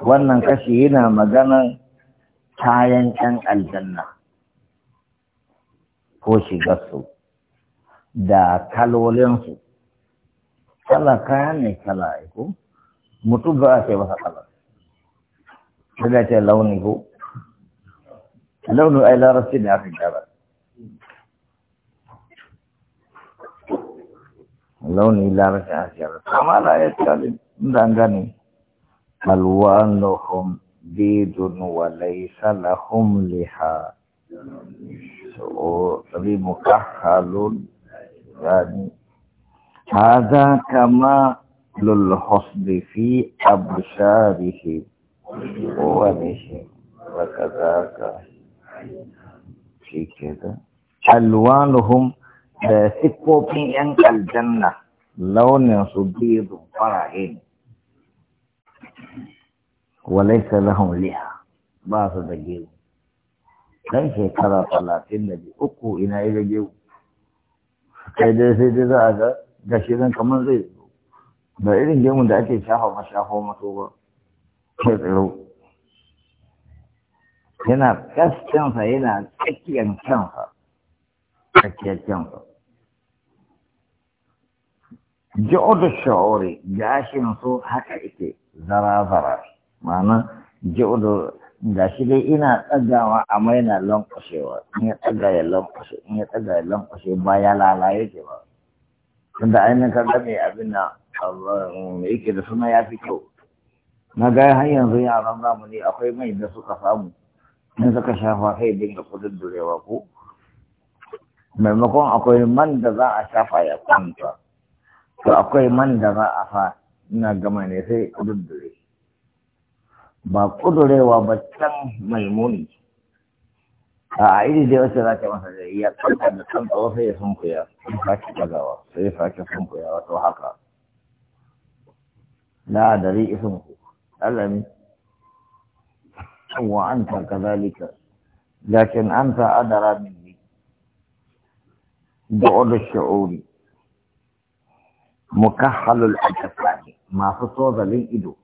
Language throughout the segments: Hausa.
wannan kashi yana maganar kayan ƴan aljanna ko shigarsu da kalolinsu kala kayan ne kala aiko mutum ba a ce masa kala daga ce launi ko launin ailarar shi ne aka gyara launi a aka gyara amma da ya tsari inda an gani ألوانهم ديد وليس لهم لحى سؤال مكحل يعني هذا كما للحسن في أبشاره ووجهه وكذاك في كذا ألوانهم سكوبين الجنة لون صديد فرعين وليس لهم لها باص دجيو كان شي ترى صلاه النبي اكو الى الى جيو كده سيد ذاك ده شي كان كمان زي ما يريد جيو من ذاك شافه ما شافه ما هو كيفلو هنا بس كان فينا كتي ان كان ها كتي كان جو ده شعوري جاشي نصو حتى ايه zara-zara ma'ana ji'udu da shi dai ina tsagawa a maina lankwashewa in ya tsaga ya lankwashe in ya tsaga ya lankwashe ba ya lalaye ke ba tunda ainihin kaga mai abin na yake da suna ya fi kyau na ga har yanzu yaran ne akwai mai da suka samu in suka shafa kai dinga kudin durewa ko maimakon akwai man da za a shafa ya kwanta to akwai man da za a fa نغمان يسي قدد دي با قدد دي وابا مثلا يا قلت عند تن طوفي يا فاكي بغاوة سيفاكي سمك يا وطوحاكا لا دري اسمك ألم وأنت كذلك لكن أنت أدرى مني بعض الشعور مكحل الأجسام masu tozalin ido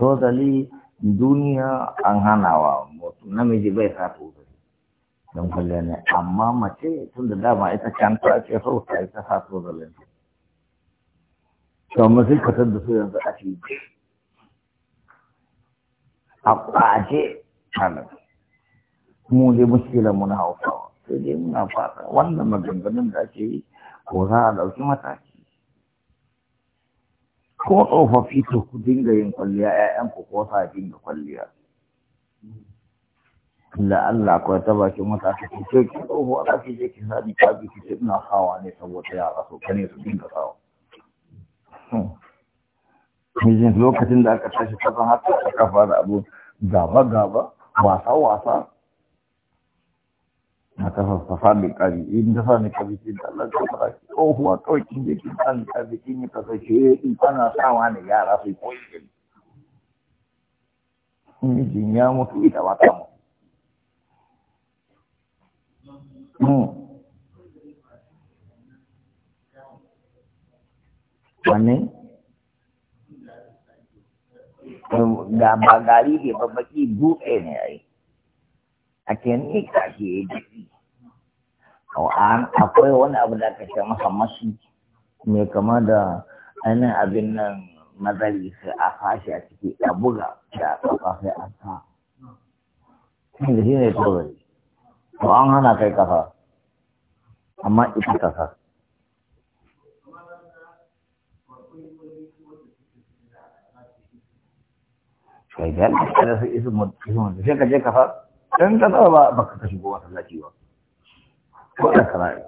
tozali duniya an hanawa namiji bai sa tozali don kalle ne amma mace tun da dama ita canta ake so ta ta sa tozalin to mu sai fitar da su yanzu a cikin, a ƙwace halar mu ne muskilan mu na hausawa sai dai muna fata wannan maganganun da ake yi ko za a ɗauki mataki ko tsofaffi ta ku dinga yin kwalliya ku ko sa dinga kwalliya da Allah ko ta bakin mata ta ce ke tsofo a ce je ki sani ta bi ki ina sawa ne saboda yara so kane su dinga sawa mijin hmm. lokacin da aka tashi kasan har ta kafa da abu gaba gaba wasa wasa na kafa fafa mai ƙari in ta sami ƙari ce da Allah ta fara shi ko kin je kin ƙari kin yi kasa shi in ana sawa ne yara su koyi gani mijin ya mutu ita ba ta mutu hmm. wanne hmm, ga ba gari ke babbaki dutse ne ai a ke ke yi akwai wani abu da aka ce masa mashi mai kama da ainihin abin nan mazari sai a fashe a ciki a buga da kafa sai a sa da shi ne tozari to an hana kai kafa amma ita kafa kai da ya da su isu mutu shi ka je kafa dan ka ba ka shigo wata ba ko da sarari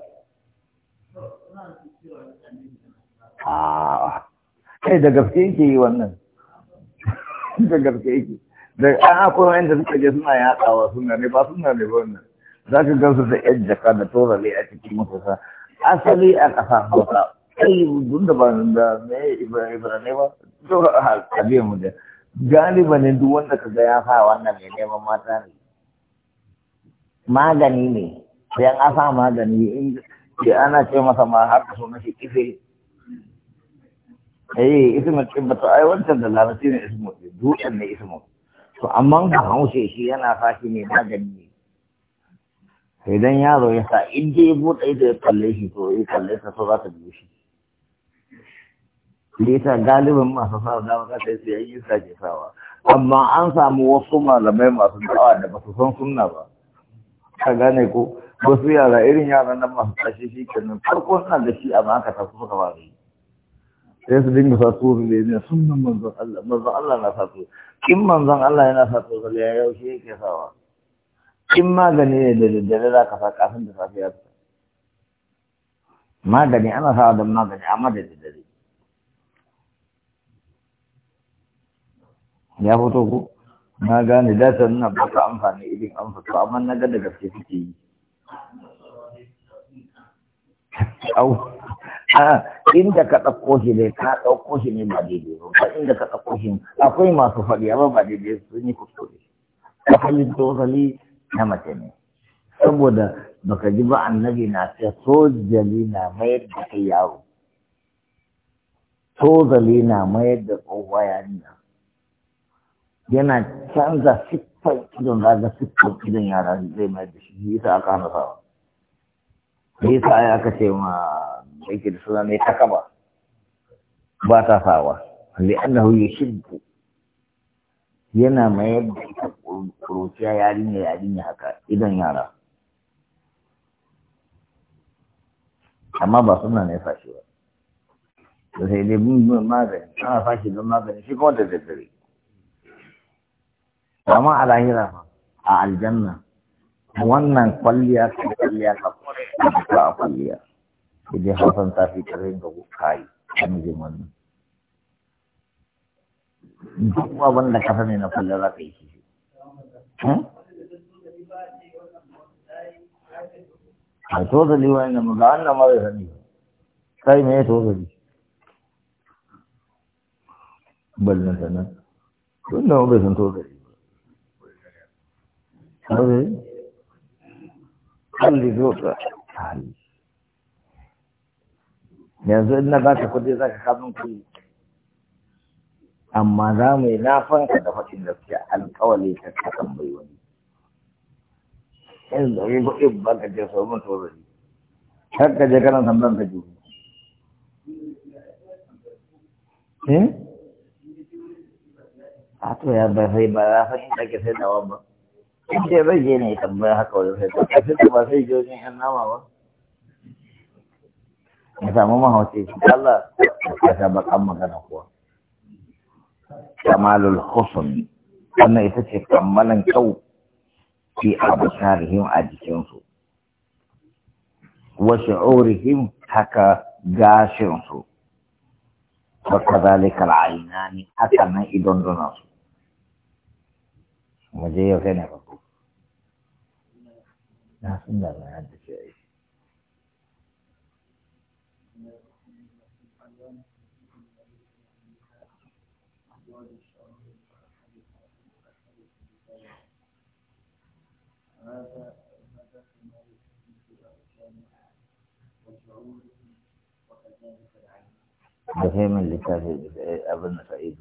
ah. kai da gaske yake yi wannan da gaske yake da an akwai wanda suka je suna yatsawa suna ne ba suna ne ba wannan za ka gansu da yan jaka da torale a cikin mafisa asali a ƙasa hausa kai dun da ba da me ibrahim ba to a biyan mu da galiba ne duk wanda ka ga ya sa wannan mai neman mata ne magani ne sai an sa magani in ana ce masa ma har da sunan shi kife eh ismul kibba to ai wancan da larabci ne ismul dutsen ne ismu to amma ga haushe shi yana fashi ne magani ne idan yaro ya sa in je ya buɗe ido ya kalle shi to ya kalle sa so za ta biyo shi da yasa galibin masu sa da maka sai su yi ke sawa amma an samu wasu malamai masu da'awa da ba su san sunna ba ka gane ko wasu yara irin yaran nan masu tashi shi kenan farko suna da shi amma aka tafi suka fara yi sai su dinga sa tsoro da yana sunan manzon Allah manzon Allah na sa su kin manzon Allah yana sa su da ya yaushe yake sawa kin magani ne da daddare za ka sa kafin da safiya ta magani ana sa da magani amma da daddare ya fito ku? na gane da ta nuna baka amfani idin amfani amma na ga da gaske suke yi au a inda ka ɗauko shi ne ka ɗauko shi ne ba daidai ba inda ka ɗauko shi akwai masu faɗi amma ba daidai sun yi kuskure kafalin tozali na mace ne saboda baka ji ba annabi na ce sojali na mayar da kai yaro tozali na mayar da tsohuwa yarinya yana canza fit siffar idon za ga siffar idon yara zai mai da shi yi yasa aka hana sawa yasa ya aka ce ma yake da suna ta takaba ba ta sawa li'annahu yushibbu yana mayar da ita kuruciya yarinya yarinya haka idon yara amma ba suna ne fashi ba sai dai magani ana fashi don magani shi kuma da daddare amma a lahira fa a aljanna wannan kwalliya ta kwalliya ta kwalliya a kwalliya idan hausan ta fi karin ga kayi a mijin wannan duk abin da kafa ne na kwalliya za ka yi shi a tozali wani mu ga wannan mara sani sai me ya tozali ballon sanar tun da mabai sun tozali Hadi. Halli zuwa. Halli. Yanzu ina za ka kudi Amma za mu yi nafanka da faɗin gaskiya alƙawali ka ka zai. Eh? A to ya ka ba. in dai zai je ne tambaya haka wajen sai ta kashe ta ba sai je wajen yan nama ba ya samu mahauci Allah ya ta bakan magana kuwa kamalul husn wannan ita ce kammalan kyau fi absarihim a jikinsu wa shu'urihim haka gashinsu wa kadhalika al-aynani haka nan idon donasu mu je yau kai ne farko na san da bayan da ke yi هذا ما دخل في الجامعة والشعور وكذلك العين. فهم اللي كان إيه، ابن سعيد.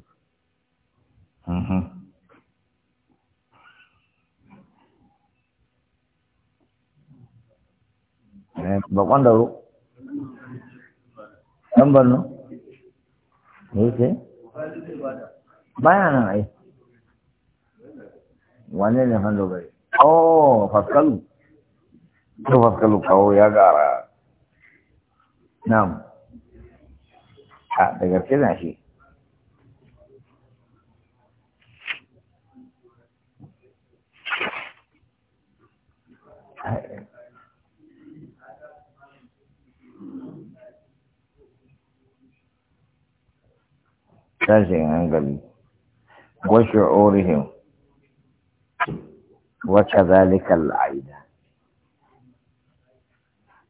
bakon daro ɗan barno ne ke baya nan ai wane ne hando bai oh faskalu to faskalu kawo ya gara nam a da gaske na shi tashin hankali wa shu'urihim wa kadhalika al'aida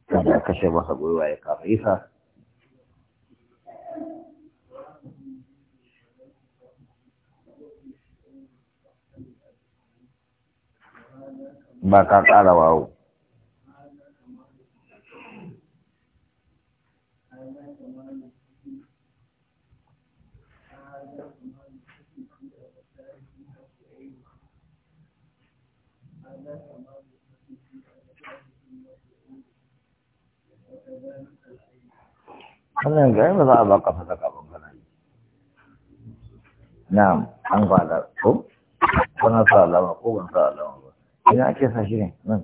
kada kashe masa gwiwa ya kafa isa ba ka ƙara wawo wannan ga ba za a baka sadaka ba kana yi na an fada ko na sa alama ko ban sa alama ba ina ake sa shi ne nan